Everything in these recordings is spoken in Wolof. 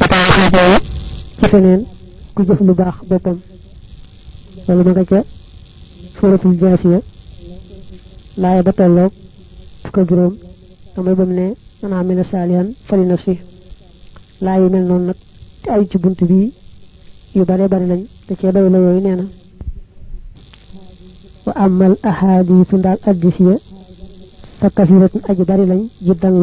papa xaafoo ci feneen ku jëf lu baax boppam loolu ma nga ca suratul jaasiya laaya ba tolloog fukk ak amay bam ne man amila saalihan fali nafsi laa yu mel noonu nag te ay ci bunt bi yu bare bare lañ te wa amal fa kasiratun aji bari lañ jiddan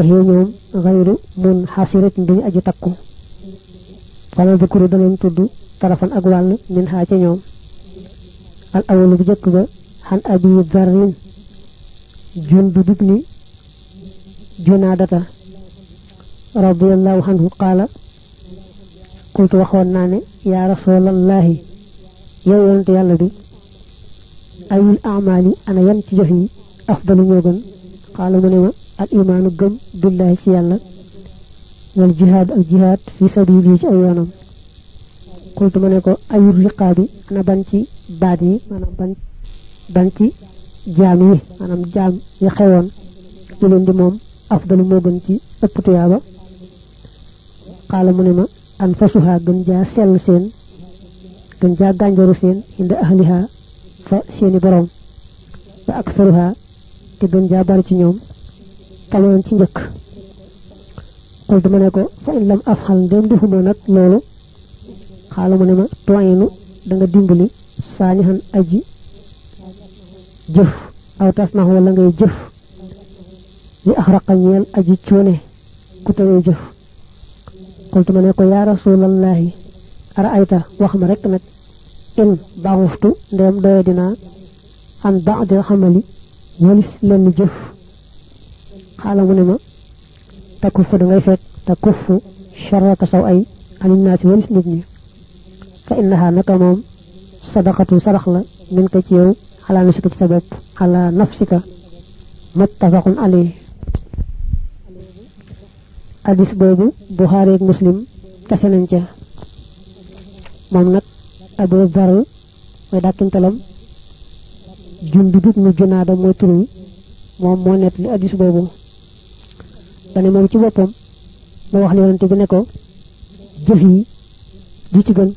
فهي يوم غير من حاصرة دين أجي تكو فلا ذكر دنين تدو طرفا أقوال من هاتي يوم الأول بجك حن أبي الزرين جند دبني جنادتا رضي الله عنه قال قلت وخوان ناني يا رسول الله يوم يلدي أي الأعمال أنا ينتجه أفضل يوغن xaala mu ne ma al imaanu gëm billahi ci yàlla wal jihaad ak jihaad fi sabili ci ay yoonam qultu ma ne ko ayur riqaabi ana ban ci baat yi ban ban ci jaam yi maanaam yi xewoon ci leen di mom afdalu moo gën ci ëpp tuyaaba an fasuha gën jaa sel seen gën jaa gànjaru seen inda ahliha fa seeni borom wa aksaruha te gën jaa bari ci ñoom tamoon ci njëkk kon dama ne ko fa in lam af xal ndéem defuma nag loolu xaala ne ma toyinu da nga dimbali saani xan aji jëf aw tas nax wala ngay jëf li ax raqa ñeel aji cuune ku tawee jëf xultu ma ne ko yaa rasulallahi ara wax ma rek nag in baxuftu ndéem doye dinaa an baxdil xamali walis lenn jëf xaala mu ne ma takku fa da ngay fekk te kuffu charraka saw ay anin naa si walis nit ñi fa innaha naka moom sadaqatu sadax la min ko ci yow ala nafsika ci sa bopp ala nafsika muttafaqun alayhi hadis boobu Buxaari ak Muslim tase nañ ca moom nag Abu Dar mooy dàkkintalam Jundub ibnu Junaada mooy tur moom moo nekk li addis boobu dane moom ci boppam moo wax ne yonante bi ne ko jëf yi du ci gën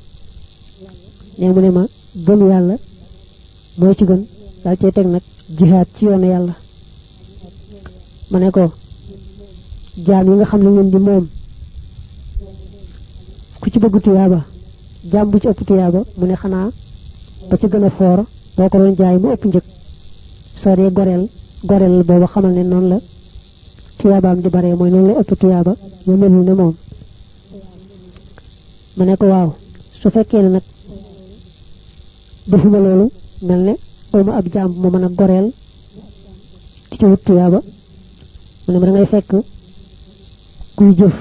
ne mu ne ma gëm yàlla mooy ci gën daal cee teg nag jihaad ci yoonu yàlla ma ne ko jaam yi nga xam ne ñun di moom ku ci bëgg tuyaaba jaam bu ci ëpp tuyaaba mu ne xanaa ba ci gën a soo ko doon jaay mu ëpp njëg soo dee goreel goreel boobu xamal ne noonu la tuyaabaam di bare mooy noonu lay ëpp tuyaaba ñu melul ne moom ma ne ko su fekkee ne nag defuma loolu mel ne awma ab jaam mu mën a goreel di ci wut tuyaaba mu ne ma da fekk kuy jëf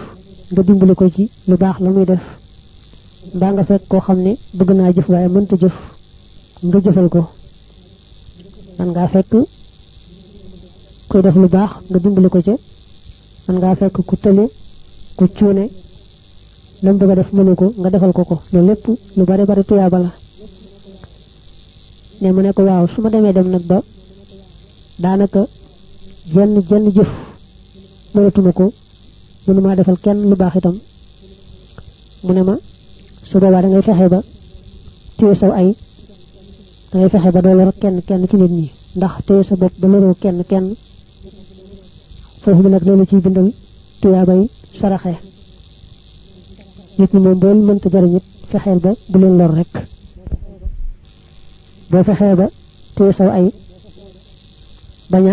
nga dimbali ko ci lu baax la muy def mbaa nga fekk koo xam ne bëgg naa jëf waaye mënta jëf nga jëfal ko man ngaa fekk kuy def lu baax nga dimbali ko ca man ngaa fekk ku tële ku cuune lam bëgg a def mënu ko nga defal ko ko loolu lépp lu bari bari tuyaaba la ne mu ne ko waaw su ma demee dem nag ba daanaka jenn jenn jëf mënatuma ko maa defal kenn lu baax itam mu ne ma su boobaa dangay ngay fexe ba téye saw ay dangay fexe ba doo lor kenn kenn ci nit ñi ndax téye sa bopp ba loroo kenn kenn foofu bi nag loolu ciy bindal tuyaabay saraxe nit ñi moom boo mënta jariñ it fexeel ba bu leen lor rek boo fexee ba téye saw ay bañ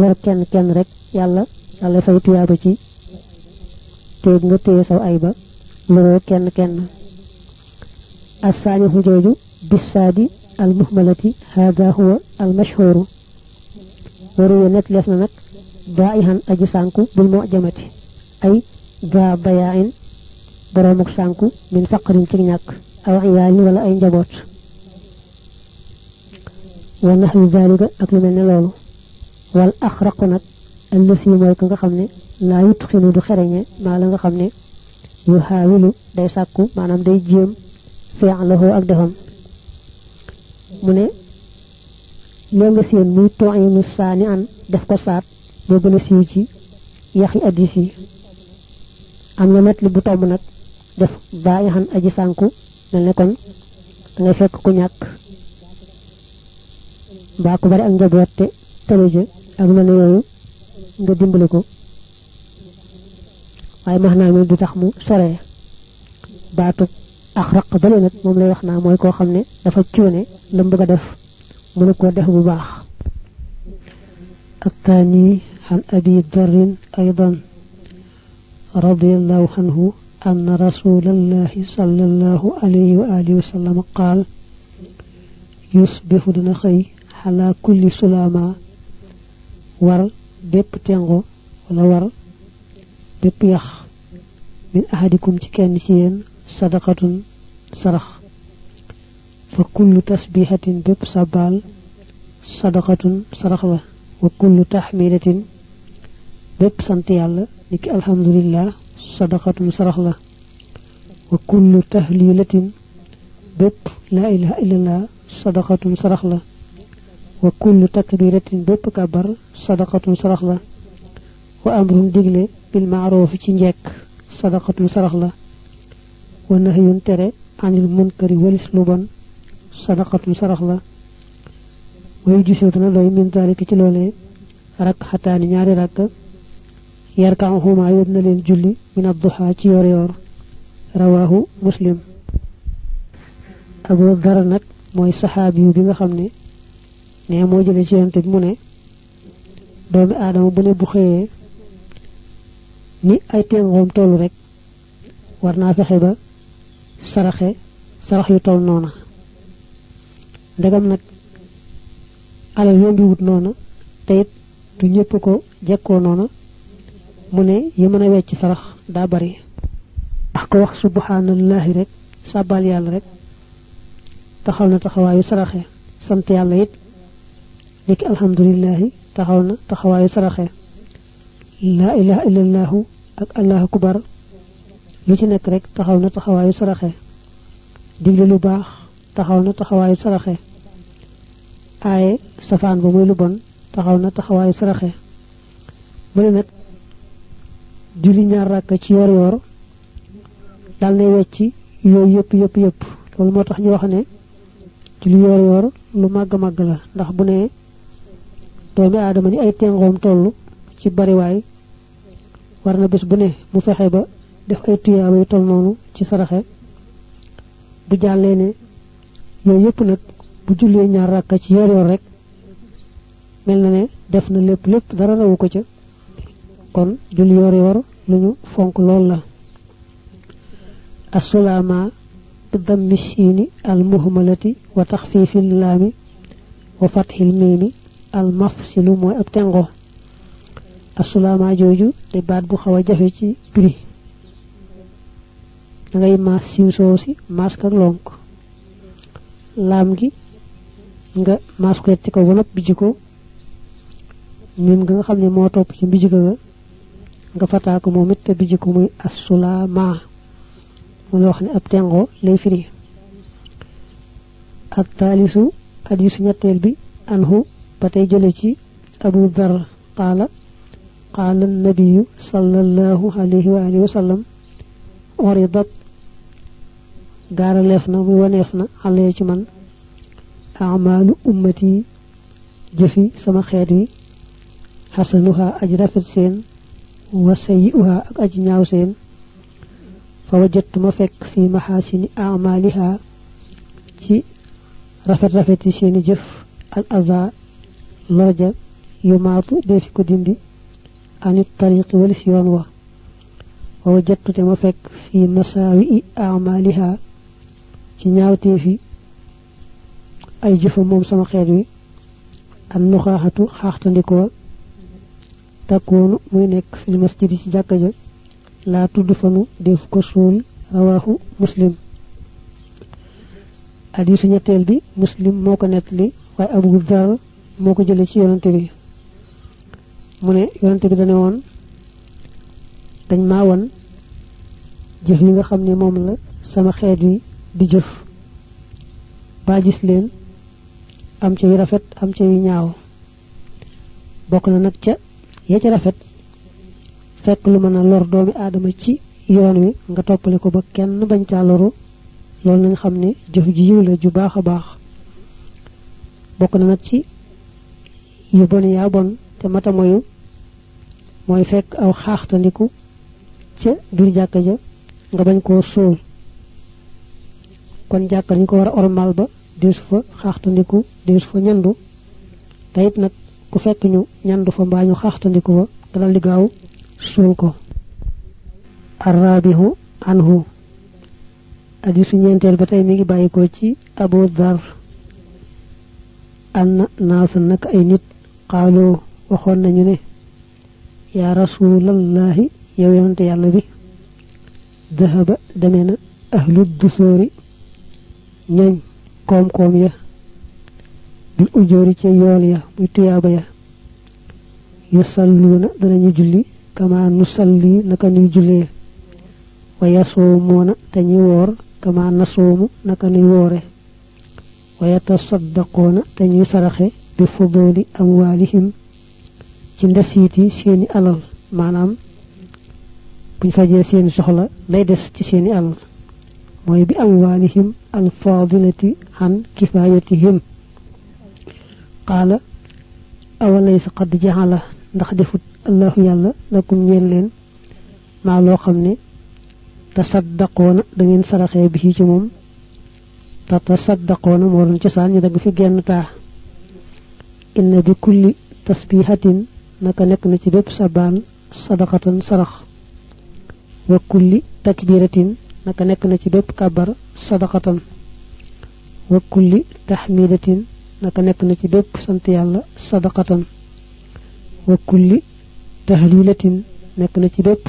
lor kenn kenn rek yàlla yàlla fay tuyaaba ci téye nga téye saw ay ba loroo kenn kenn as saani xujooju bis saadi المهملة هذا هو المشهور وروي نتلي فمك دائها أجي بالمعجمة أي دا بياع برامك سانكو من فقر تنك أو عيال ولا أين جبوت ونحن ذلك أكل من اللولو والأخرق الذي يمويكن خمني لا يدخل دخرين ما لنك خمني يحاول دي ساكو معنام دي جيم فعله أكدهم mu ne loo nga séen muy tooyinu saani an def ko saat boo gën a siiw ci yaxi addis yi am na nett bu tomb nag def bàyyi xan aji sànku mel ne kon dangay fekk ku ñàkk mbaa ku bari ak njaboot te tëlëje ak mel ne yooyu nga dimbali ko waaye max naa mi du tax mu soree baatub ak raq bale nag moom lay wax naa mooy koo xam ne dafa cuune lam bëgg a def mënu ko def bu baax الثاني عن أبي ذر أيضا رضي الله عنه أن رسول الله صلى الله عليه وآله وسلم قال يصبح دنخي على كل سلامة ور بيب تنغو ولا ور بيب يخ من أحدكم تكن صدقة سرح فكل تسبيحة بب سبال صدقة سرح وكل تحميلة بب سنتيال لك الحمد لله صدقة سرح وكل تهليلة بب لا إله إلا الله صدقة سرح وكل تكبيرة بب كبر صدقة سرح وأمر دجل بالمعروف تنجك صدقة سرح الله ونهي تري عن المنكر والسلوبا صدقة سرخ الله ويجي سيطنا دوي من ذلك تلولي رك حتى نياري رك يركعه ما يدن للجلي من الضحى يور يور رواه مسلم أبو الدرنك موي صحابي بيغا خمني ني مو جيلي سي انتي موني دوم ادم بني بوخي ني اي تيم غوم تولو رك ورنا فخيبا saraxe sarax yu taw nona ndegam nak ala yombiwut wut nona tayit du ñëpp ko jekko nona mu ne yi mën wecc sarax da bari ak ko wax subhanallahi rek sabbal yàlla rek taxaw na taxawayu saraxe sant yàlla yit niki alhamdullilah taxaw na taxawayu saraxe la ilaha illallah ak allah akbar lu ci nekk rek taxaw na taxawaayu saraxe digle lu baax taxaw na taxawaayu saraxe aaye safaan ba muy lu bon taxaw na taxawaayu saraxe mu ne nag julli ñaar ràkk ci yor yor dal nay wecci yooyu yëpp yëpp yëpp loolu moo tax ñu wax ne julli yor yor lu màgg màgg la ndax bu ne doomi aadama ni ay tengoom toll ci bariwaay war na bés bu ne mu fexe ba def ay tuyaaba yu tol noonu ci saraxe du jàllee ne yooyu yëpp nag bu jullee ñaar rakka ci yor yor rek mel na ne def na lépp lépp dara rawu ko ca kon julli yor yor lu ñu fonk lool la asulaama bi dammi siini al muhmalati wa taxfifil laami wa fathil miimi al mafsilu mooy ak tengo asulaama jooju te baat bu xaw a jafe ci prix ngay mas siw soosi maas ak lonk lam gi nga maas ci ko wala biji ko mim nga xamne mo top ci biji ga nga fata ko momit te biji ko muy as mu loo xam ne ab tengo lay firi ak talisu hadisu ñettel bi anhu patay jele ci abu dhar qaala قال sallallahu صلى الله عليه وآله دار لفنا وونيفنا علي تي مان اعمال امتي جفي سما خيري حسنها اجرفت سين وسيئها اجنياو سين فوجدت ما فك في محاسن اعمالها جي رفت رفت سين جف الاذى مرجع يماط ديفي كوديندي عن الطريق والسيوان ووجدت ما فك في مساوئ اعمالها ci ñaawte fi ay jëfa moom sama xeet wi an nuxaaxatu xaaxtandikoo takkoonu muy nekk fil masjid ci jàkka ja laa tudd fanu def ko suul muslim hadisu ñetteel bi muslim moo netli way waaye abu dar moo ko jële ci yonante bi mu ne yonante bi dane woon dañ maa wan jëf yi nga xam ne la sama xeet wi di jëf ba gis leen am ca yu rafet am ca yu ñaaw bokk na nag ca ya ca rafet fekk lu mën a lor doomi aadama ci yoon wi nga toppale ko ba kenn bañ caa loru loolu nañ xam ne jëf ji yiw la ju baax a baax bokk na nag ci yu bon yaa bon te mata moyu mooy fekk aw xaaxtandiku ca biir jàkka ja nga bañ koo sóol kon jàkka ni ko war a ormal ba deesu fa xaaxtandiku deesu fa ñandu tayit it nag ku fekk ñu ñandu fa mbaa ñu xaaxtandiku fa dalal li gaaw suul ko arrabihu anhu su ñeenteel ba tey mi ngi bàyyikoo ci abu dar, an naasa nak ay nit qaalu waxoon nañu ne yaa rasulallahi yow yonante yàlla bi dahaba demee na ahlu ñooñ koom-koom ya bil ujoori ca yool ya muy tuyaaba ya yu salluuna danañu julli kama nu salli naka nuy jullee waya soomoona te ñuy woor kama na soomu naka nuy woore waya tasaddaqoona te ñuy saraxe bi fudooli amwaalihim ci ndasiiti seeni alal maanaam buñ fajee seeni soxla lay des ci seeni alal mooy bi amwalihim alfadilati an kifayatihim qaala awalaysa qad jaala ndax defut allahu yàlla lakum ñeen leen maa loo xam ne tasaddaqoona da ngeen saraxee bi ci moom te tasaddaqoona moo doon cosaan ñu dagg fi genn taa inna bi kulli tasbihatin naka nekk na ci bépp sabaan sadaqatan sarax wa kulli takbiratin naka nekk na ci bépp kàbbar sadaqatan wa kulli taxmidatin naka nekk na ci bépp sant yàlla sadaqatan wa kulli tahlilatin nekk na ci bépp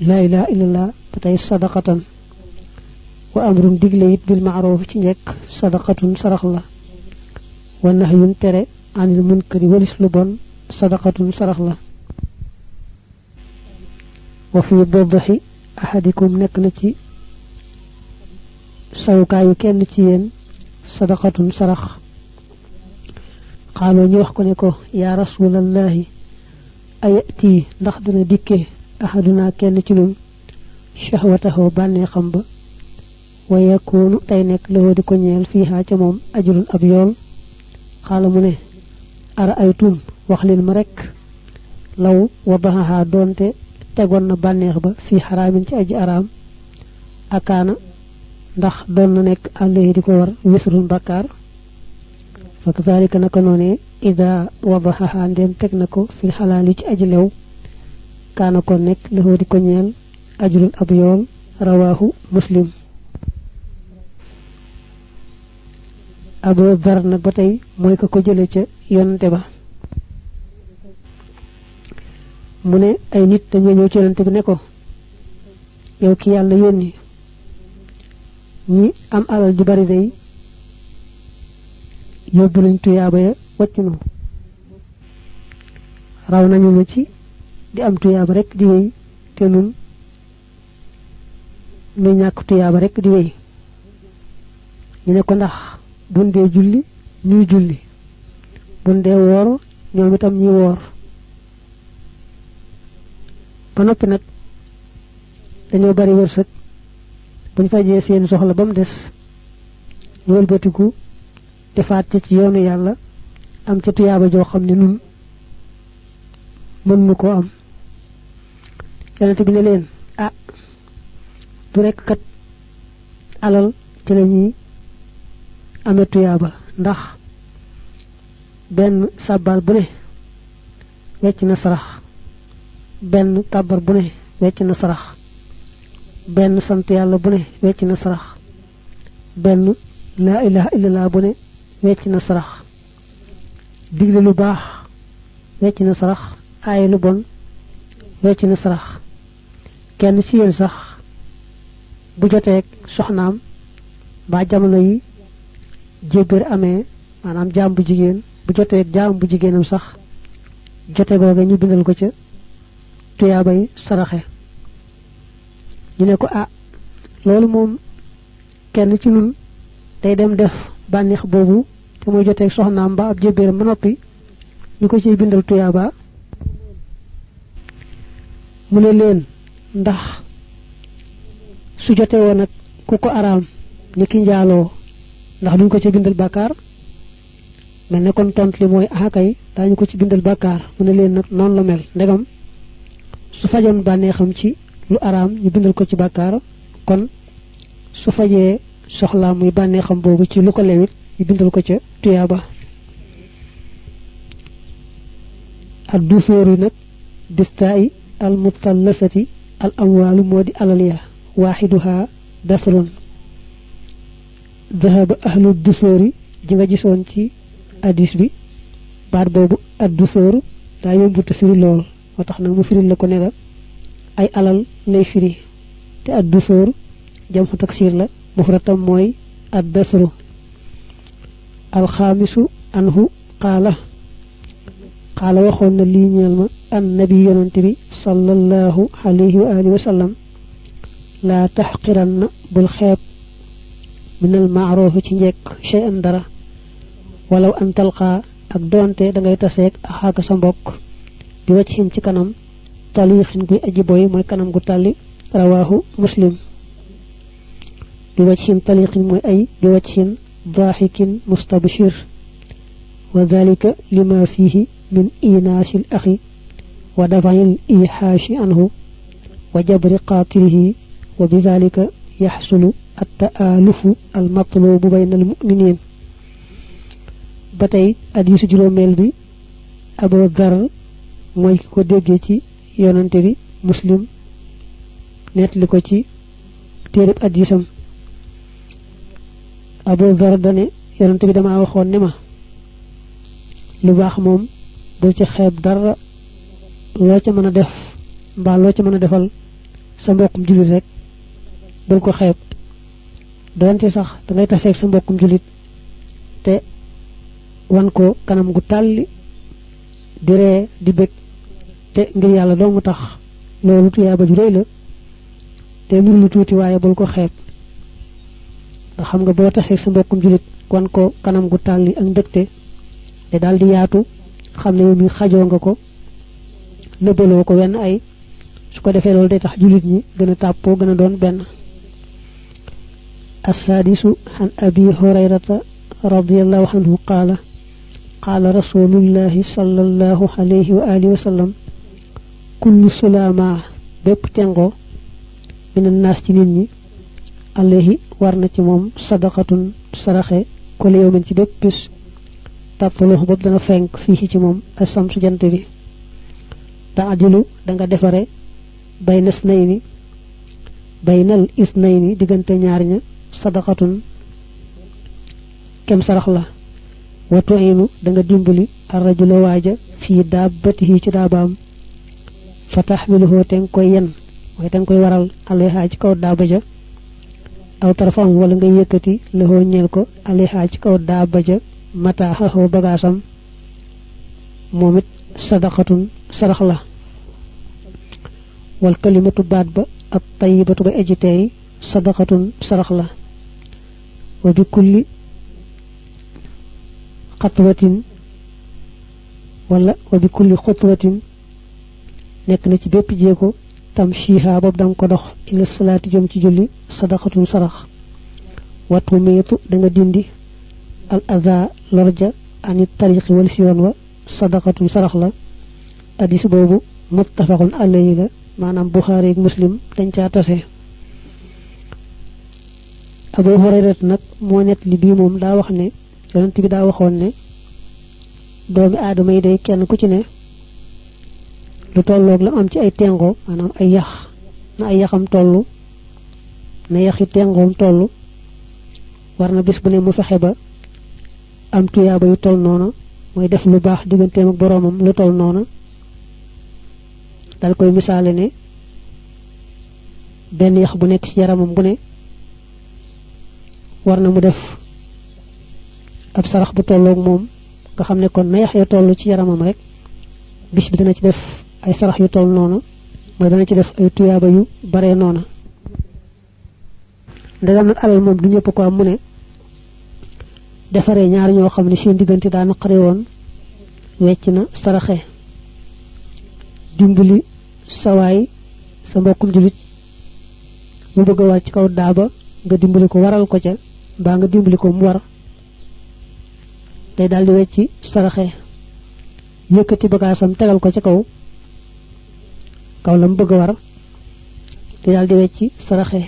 laa ilaha illallah ba tey sadaqatan wa amrun digle it bil maaruf ci njekk sadaqatun sarax la wa nahyun tere anil munkari walis lu bon sadaqatun sarax la wa fi dadaxi ahadikum nekk na ci sawukaayu kenn ci yéen sadaqatun sarax xaaloo ñu wax ko ne ko yaa rasulallahi ayati ndax dana dikke ahaduna kenn ci ñun shahwatahu bànnee xam ba wa yakuunu tey nekk lawoo di ko ñeel fiihaa ca moom ajrun ab yool xaala mu ne ara aytum wax leen ma rek law wa baxaxaa doonte tegoon na bànneex ba fii xaraamin ci aji araam akaana ndax doon na nekk yi di ko war wisrun bakkaar fa kazalika naka noonee ida wadaxaha ndéem teg na ko fil xalaal yi ci aji lew kaana ko nekk lexoo di ko ñeel ajrul ab yool rawaahu muslim abu dar nag ba tey mooy ko ko jële ca yonante ba mu ne ay nit dañoo ñëw ci yonent bi ne ko yow ki yàlla yónni ñi am alal ju bari day yóbbu nañ tuyaaba ya wàccu nu raw nañu nu ci di am tuyaaba rekk di wéy te nun nu ñàkk tuyaaba rekk di wéy ñu ne ko ndax bun julli ñuy julli bun dee woor ñoom itam ñi woor ba noppi nag dañoo bari wërsëg buñ fajee seen soxla bam mu des ñu wëlbatiku defaat ci ci yoonu yàlla am ci tuyaaba joo xam ne nun mën nu ko am yonente bi ne leen ah du rek kat alal ci la ñuy amee tuyaaba ndax benn sàbbaal bu ne wecc na sarax benn tàbbar bu ne wecc na sarax benn sant yàlla bu ne wecc na sarax benn laa ilaha illallah bu ne wecc na sarax digle lu baax wecc na sarax aaye lu bon wecc na sarax kenn ci yéen sax bu joteeg soxnaam mbaa jamono yi jébbéer amee maanaam jaam bu jigéen bu joteeg jaam bu jigéenam sax jote googa ñu bindal ko ca tuyaabay saraxe ñu ne ko ah loolu moom kenn ci nun day dem def bànneex boobu te muy joteeg soxnaam ba ab jëbéeram ba noppi ñu ko ciy bindal tuyaaba mu ne leen ndax su jote woon ak ku ko araam ni ki njaaloo ndax duñ ko ci bindal bàkkaar mel ne kon tont li mooy axakay daañu ko ci bindal bàkkaar mu ne leen nag noonu la mel ndegam su fajoon bànnee ci lu araam ñu bindal ko ci bàkkaar kon su fajee soxlaa muy bànnee boobu ci lu ko lewit ñu bindal ko ca tuyaaba ak duusóoru nag bistaayi al mutallasati al amwaalu moo di alal ya waaxiduhaa dasrun dahaba ahlu dusóori ji nga gisoon ci addis bi baat boobu ad dusóor daa yombuta firi lool moo tax nag mu firil la ko ne la ay alal lay firi te ad dusóor jam xu taksiir la mufratam mooy ad dasru alxaamisu anhu qaala qaala waxoon na lii ñeel ma an nabi yonante bi sallallahu alayhi wa alihi wa sallam laa taxqiranna bul xeeb minal maarof ci njekk chey an dara walaw an talqaa ak doonte da ngay taseeg axaaka sa mbokk bi wajhin ci kanam talixin guy aji boy mooy kanam gu tàlli rawaahu muslim bi wajhin talixin mooy ay bi wajhin ضاحك مستبشر وذلك لما فيه من إيناس الأخ ودفع الإيحاش عنه وجبر قاتله وبذلك يحصل التآلف المطلوب بين المؤمنين بتي أديس جروميل بي أبو ذر mooy ki ko déggee ci yonante bi muslim nettali ko ci téerib addisam abu dhar ne yonante bi damaa waxoon ne ma lu baax moom bul ci xeeb dara loo ca mën a def mbaa loo ci mën a defal sa mbokkum jullit rek bul ko xeeb doonte sax dangay taseeg sa mbokkum jullit te wan ko kanam gu tàlli di ree di bëgg te ngir yàlla doo nga tax loolu tuyaaba ju rëy la te mbir mu tuuti waaye bul ko xeeb nga xam nga boo taxee sa mbokkum jullit wan ko kanam gu tàlli ak ndëgte te daal di yaatu xam ne yow mi xajoo nga ko nëbbaloo ko wenn ay su ko defee loolu day tax jullit ñi gën a tàppoo gën a doon benn assaadisu an abi hurayrata radiallahu anhu qaala قال رسول الله صلى الله عليه وآله وسلم كل سلامة بيب تنغو من الناس تنيني عليه ورنة موم صدقة سرخة كل يوم انت بيب بس تطلوه ببدن فنك فيه تموم السمس جنتبه تعجلو دنگا دفره بين اثنين بين الاثنين ديگنت نيارنا صدقة كم سرخ الله wa tuinu da nga dimbali arrajula waaja fii daabatihi ci daabaam fa taxmiluhu te nga koy yen waaye te nga koy waral alayha ci kaw daaba ja aw tarfam wala nga yëkkati lahoo ñeel ko alayha ci kaw daaba ja mataaxaxoo bagaasam moom it sadaqatun sarax la wal kalimatu baat ba ak tayyibatu bay aji teey sadaqatun sarax la wa bi kulli خطوة ولا وبكل خطوة نك نتي بيب جيكو تمشيها باب دام كو دوخ الى الصلاه جوم تي جولي صدقه صرخ وتميت دنا ديندي الاذى لرجا عن الطريق والسيون صدقه صرخ لا حديث بوبو متفق عليه لا مانام بخاري ومسلم دنجا تاسي ابو هريره نك مو نيت لي بي موم دا واخني yonent bi daa waxoon ne doomi aadama yi day kenn ku ci ne lu tolloog la am ci ay tengo maanaam ay yax na ay yaxam toll na yaxi tengoom toll war na bis bu ne mu fexe ba am tuyaaba yu toll noona mooy def lu baax digganteem ak boroomam lu toll noona dal koy misaale ne benn yax bu nekk ci yaramam bu ne war na mu def ab sarax bu tollok mom nga xamne kon na yahya tollu ci yaramam rek bis bi dana ci def ay sarax yu toll nonu ma dana ci def ay tuyaba yu bare nonu ndegam nag alal mom du ñepp ko am mu ne ñaar ño xamne ne seen diggante daa naqare woon wecc na saraxé dimbali saway sa mbokum julit mu bëgg war kaw daaba nga dimbali ko waral ko ca ba nga dimbali ko mu war day daal di wecci saraxe yëkkati bagaasam tegal ko ci kaw kaw la mu bëgg a war day daal di wecci saraxe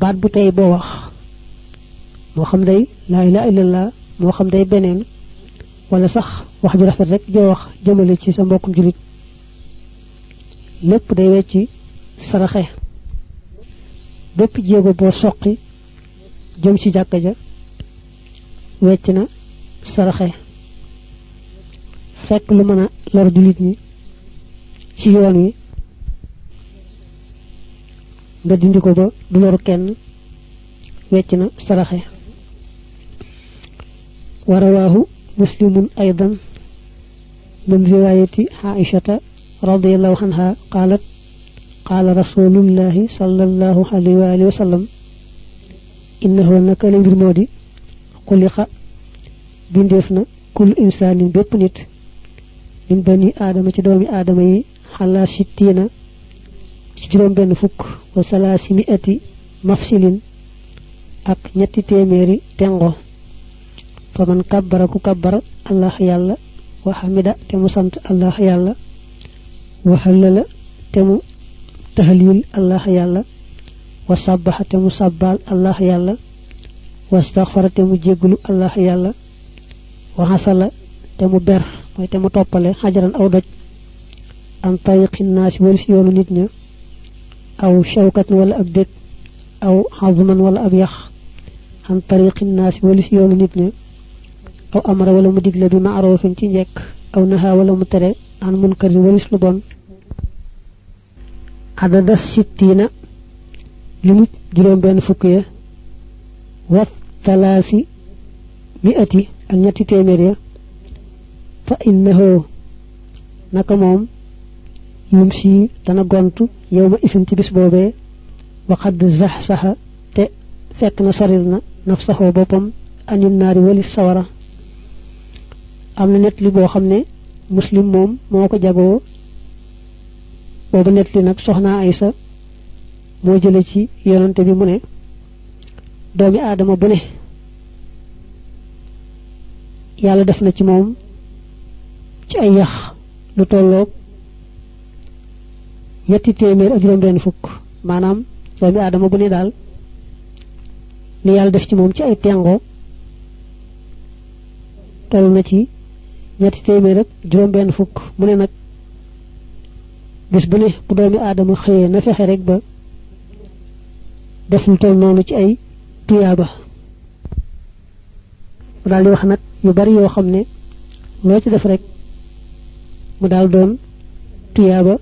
baat bu tey boo wax moo xam day laa ilaaha illallah moo xam day beneen walla sax wax ju rafet rekk joo wax jëmale ci sa mbokkum jullit lépp day wecci saraxe bépp jéego boo soqi jëm ci jàkka ja wecc na saraxe fekk lu mën a lor julit ñi ci yoon wi nga dindi ko ba du loru kenn wecc na saraxe ورواه مسلم أيضا من رواية عائشة رضي الله عنها قالت قال رسول الله صلى الله عليه وآله وسلم إنه أنك لبرمودي قلق bindeef na kul insani bepp nit min bani adama ci doomi adama yi xalaa sittina ci juróom benn fukk wa salaasi mafsilin ak ñetti téeméeri tengo fa man kabbara ku kabbara allah yàlla wa hamida te mu sant allah yàlla wa halala te mu tahlil allah yàlla wa sabbaha te mu sabbal allah yàlla wa astaghfara te mu jégglu allah yàlla وحصل تم بر موي تم توبالي حجرا او دج ان طريق الناس مول في يولو نيت او شوكة ولا اك او عظما ولا ابيخ عن طريق الناس مول في يولو نيت او امر ولا مديك لبي معروف تي نيك او نها ولا متري عن منكر ولا سلو بون عدد 60 لنيت جيروم بن فوكيه و 300 ak ñetti téeméer ya fa innahu naka moom yum si dana gontu yow ma isin ci bis boobee waxad zax saxa te fekk na soril na naf saxoo boppam anin naari walif sawara am na nett li boo xam ne muslim moom moo ko jagoo boobu nett li nag soxnaa aysa moo jële ci yonante bi mu ne doomi aadama bu ne yàlla def na ci moom ci ay yax lu tolloog ñetti téeméer ak juróom-benn fukk maanaam doomi aadama bu ne daal li yàlla def ci moom ci ay tengo toll na ci ñetti téeméer ak juróom-benn fukk mu ne nag bis bu ne bu doomi aadama xëyee na fexe rek ba def lu toll noonu ci ay tuyaaba mu daal di wax nag yu bari yoo xam ne loo ci def rek mu daal doon tuyaaba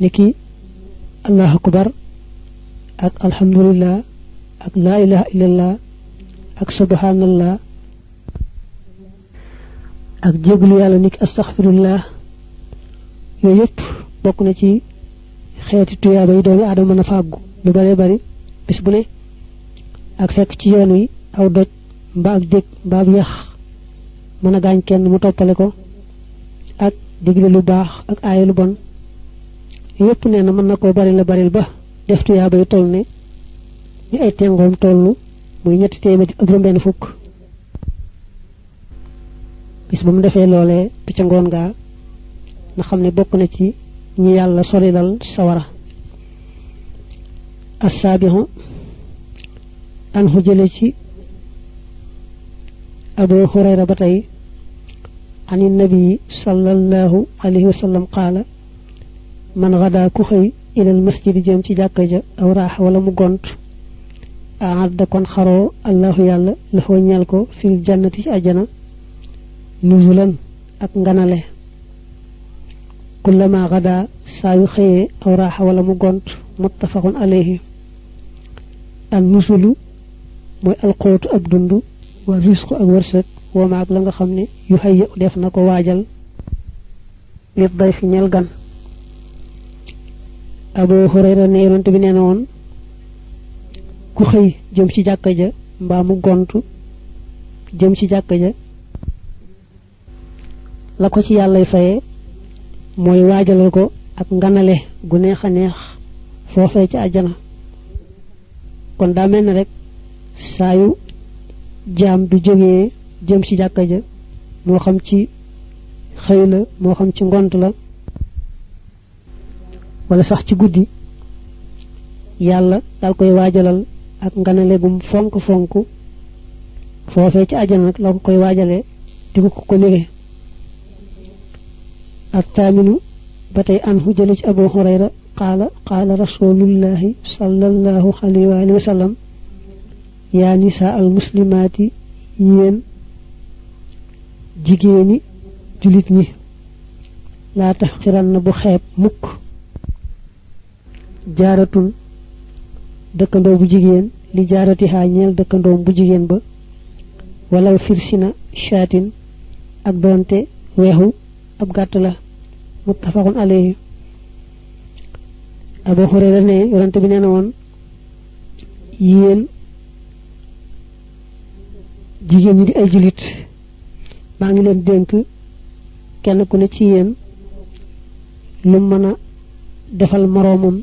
niki allahu akbar ak alhamdulillah ak la ilaha illallah ak subhanallah ak jéglu yàlla niki astaghfirullah yooyu yëpp bokk na ci xeeti tuyaaba yi doomu aadama mën a fàggu lu bare bari bis bu ne ak fekk ci yoon wi aw doj mbaab dég mbaab yax mën na gaañ kenn mu toppale ko ak digle lu baax ak aaye lu bon yépp nee na mën na ko bari la baril ba def tuyaaba yu toll ne ni ay tengoom toll muy ñetti téeméer ak juróom fukk bis ba mu defee loolee du ca ngoon gaa na xam ne bokk na ci ñi yàlla sori dal sawara assaabihu أبو هريرة بطي عن النبي صلى الله عليه وسلم قال من غدا كخي إلى المسجد جام تي جاكا أو راح ولا مغونت أعد كون خرو الله يالا له نيالكو في الجنة تي أجنا نزلا أك له كلما غدا سايخي أو راح ولا مغونت متفق عليه النزل مو القوت أبدندو war risque ak wërsëg wama ak la nga xam ne yu xëy def na ko waajal lit day fi ñel gan Abu Hurayra ne yonent bi nee na woon ku xëy jëm ci jàkka ja mbaa mu gontu jëm ci jàkka ja la ko ci yàllay faye mooy waajalal ko ak nganale gu neex a neex foofee ci àjjana kon daa mel rek saa jaam du jógee jëm ci jàkka ja moo xam ci xëy la moo xam ci ngont la walla sax ci guddi yàlla daal koy waajalal ak nganale gum fonk fonk foofee ci àjjana nag la ko koy waajale di ko ko nege ak taaminu ba tey an hu jële ci abu hurayra qaala qaala rasulullahi sallallahu alayhi wa sallam Yani nisa al muslimati yen jigeni julit ñi la taxqiran na bu xeb mukk jaaratun dekkando bu jigen li jaarati ha ñeel dekkando bu jigen ba wala firsina shatin ak donte weexu ab gàtt la muttafaqun alayhi abu hurayra ne bi neena won yeen jigéen ñi di ay jullit maa ngi leen dénk kenn ku ne ci yéen lu mën a defal moroomam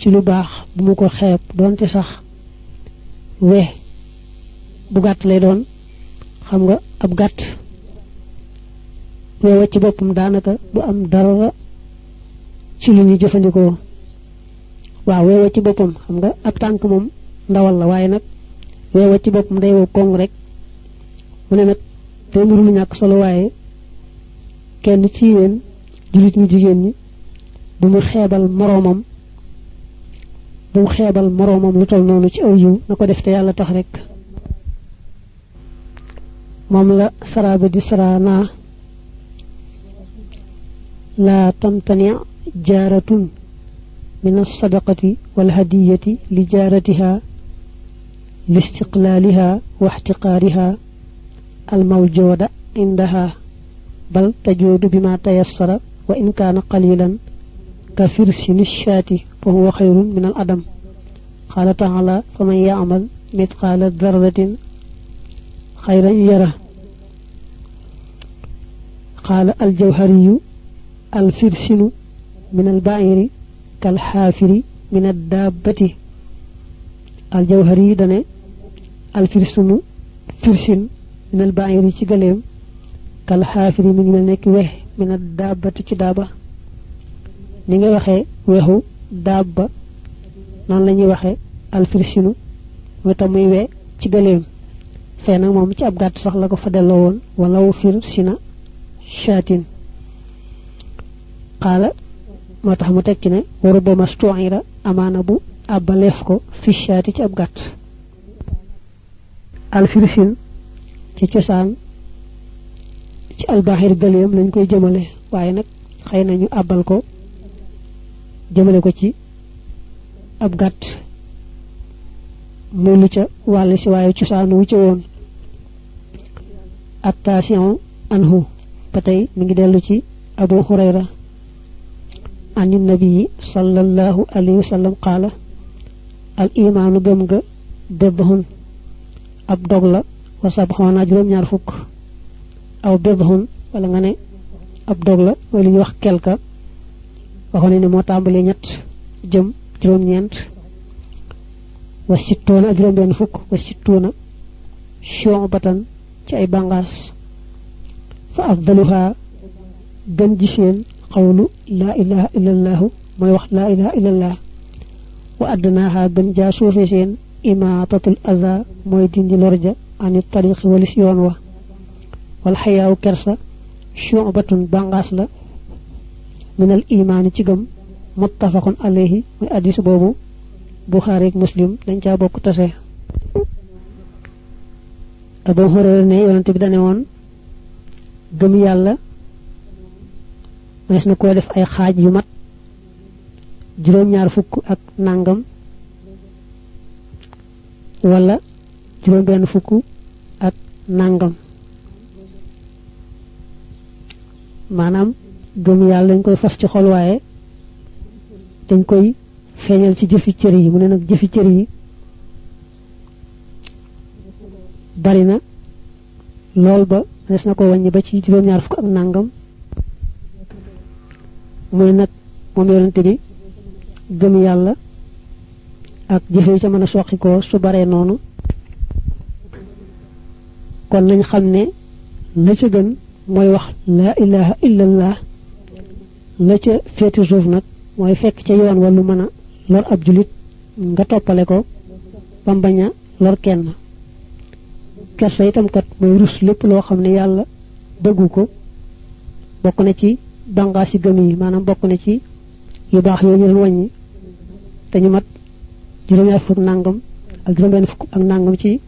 ci lu baax bu mu ko xeeb doonte sax we bu gàtt lay doon xam nga ab gàtt weewa ci boppam daanaka du am dara ci lu ñu jëfandikoo waaw weewa ci boppam xam nga ab tànk moom ndawal la waaye nag weewa ci boppam day wow koŋ rek mune nak te tey mbir ñak solo waye kenn ci yéen jullit ñu jigen ñi bu mu xébal moromam bu mu xébal moromam lu tol nonu ci aw yu nako def te yàlla tax rek mom la saraa di sarana la tamtani jaratun min alsadaqati walhadiyati li jaaratiha li istiqlaaliha wa ihtiqaariha الموجودة عندها بل تجود بما تيسر وإن كان قليلا كفرس الشاة وهو خير من الأدم قال تعالى فمن يعمل مثقال ذرة خيرا يره قال الجوهري الفرسن من البعير كالحافر من الدابة الجوهري دنا الفرسن فرسن من البعير في قليم كالحافر من ملنك وح من الدابة في دابة نيجي وخي وهو دابة نان لنجي وخي الفرسين وتمي وح في قليم فانا مومي ابغات صحلك فدلون ولو فرسين شاتين قال ما تحمتكنا ورب مستوعيرا أمان أبو أبليفكو في الشاتي أبغات الفرسين ci cosaan ci albaaxir gëléem lañ koy jëmale waaye nag xëy nañu àbbal ko jëmale ko ci ab gàtt muy lu ca wàll si waaye cosaan wu ca woon attention anhu ba tey mi ngi dellu ci abu hurayra an nabii sallallahu alayhi wa sallam qaala al imaanu gëm nga dëbbahun ab dog la wa sabxoona juróom-ñaar fukk aw bidhun wala nga ne ab dog la wala ñuy wax quelque waxoon ne moo tàmbalee ñett jëm juróom-ñeent wa sittuuna ak benn fukk wa sittuuna chion batan ci ay bàngaas fa afdaluha gën ji seen xawlu laa ilaha illallahu mooy wax laa ilaha illallah wa addnaaha gën jaa suufe seen imaatatul aza mooy dindi lorja anit tariqi walis yoon wa wal xayaawu kersa shubatun bàngaas la minal imaani ci gëm muttafaqun alayhi muy addis boobu buxaari ak muslim dañ caa bokk tase abu hurayra ne yonante bi dane woon gëm yàlla mees na koo def ay xaaj yu mat juróom-ñaar fukk ak nàngam wala juróom benn fukk ak nangam maanaam gëm yàlla dañ koy fas ci xol waaye dañ koy feeñal ci jëfi cër yi mu ne nag jëfi cër yi bari na lool ba des na ko wàññi ba ci juróom-ñaar fukk ak nangam muy nag moom yonente bi gëm yàlla ak jëfe yi ca mën a soqikoo su baree noonu kon lañ xam ne la ca gën mooy wax laa ilaha illa allah la ca féeti suuf nag mooy fekk ca yoon wa lu mën a lor ab julit nga toppale ko ba bañ a lor kenn kersa itam kat mooy rus lépp loo xam ne yàlla bëggu ko bokk na ci bànqaasi gëm yi maanaam bokk na ci yu baax yooyu ñu doon wàññi te ñu mat juróom-ñaar fukk nangam ak juróom-benn fukk ak nangam ci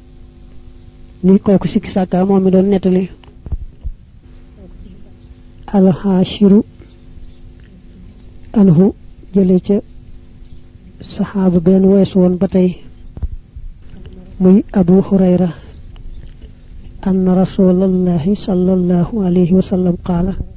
ni koku sikki saka momi don netali al hashiru anhu jele ci sahaba ben wess won batay muy abu hurayra أن رسول الله صلى الله عليه وسلم قال